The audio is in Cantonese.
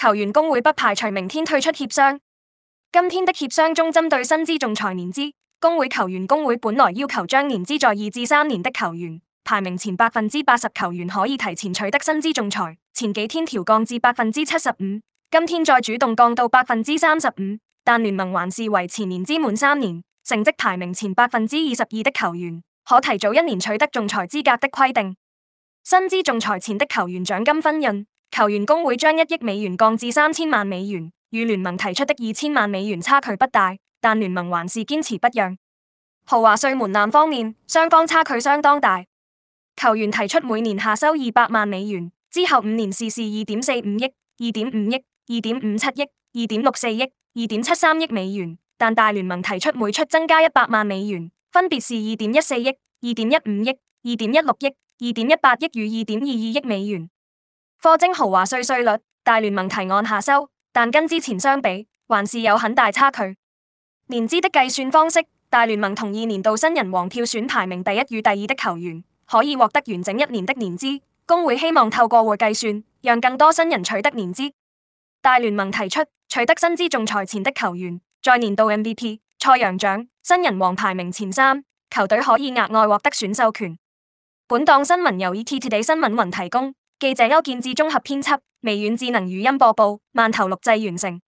球員工會不排除明天退出協商。今天的協商中，針對薪資仲裁年資，工會球員工會本來要求將年資在二至三年的球員排名前百分之八十，球員可以提前取得薪資仲裁，前幾天調降至百分之七十五，今天再主動降到百分之三十五，但聯盟還是維持年資滿三年、成績排名前百分之二十二的球員可提早一年取得仲裁資格的規定。薪資仲裁前的球員獎金分潤。球員工會將一億美元降至三千萬美元，與聯盟提出的二千萬美元差距不大，但聯盟還是堅持不讓。豪華稅門檻方面，雙方差距相當大。球員提出每年下收二百萬美元，之後五年是是二點四五億、二點五億、二點五七億、二點六四億、二點七三億美元，但大聯盟提出每出增加一百萬美元，分別是二點一四億、二點一五億、二點一六億、二點一八億與二點二二億美元。科徵豪華稅稅率，大聯盟提案下收，但跟之前相比還是有很大差距。年資的計算方式，大聯盟同意年度新人王票選排名第一與第二的球員可以獲得完整一年的年資。工會希望透過會計算，讓更多新人取得年資。大聯盟提出取得薪資仲裁前的球員，在年度 MVP、賽揚獎、新人王排名前三球隊可以額外獲得選秀權。本檔新聞由 ETtoday 新聞雲提供。記者歐建智綜合編輯，微軟智能語音播報，萬頭錄製完成。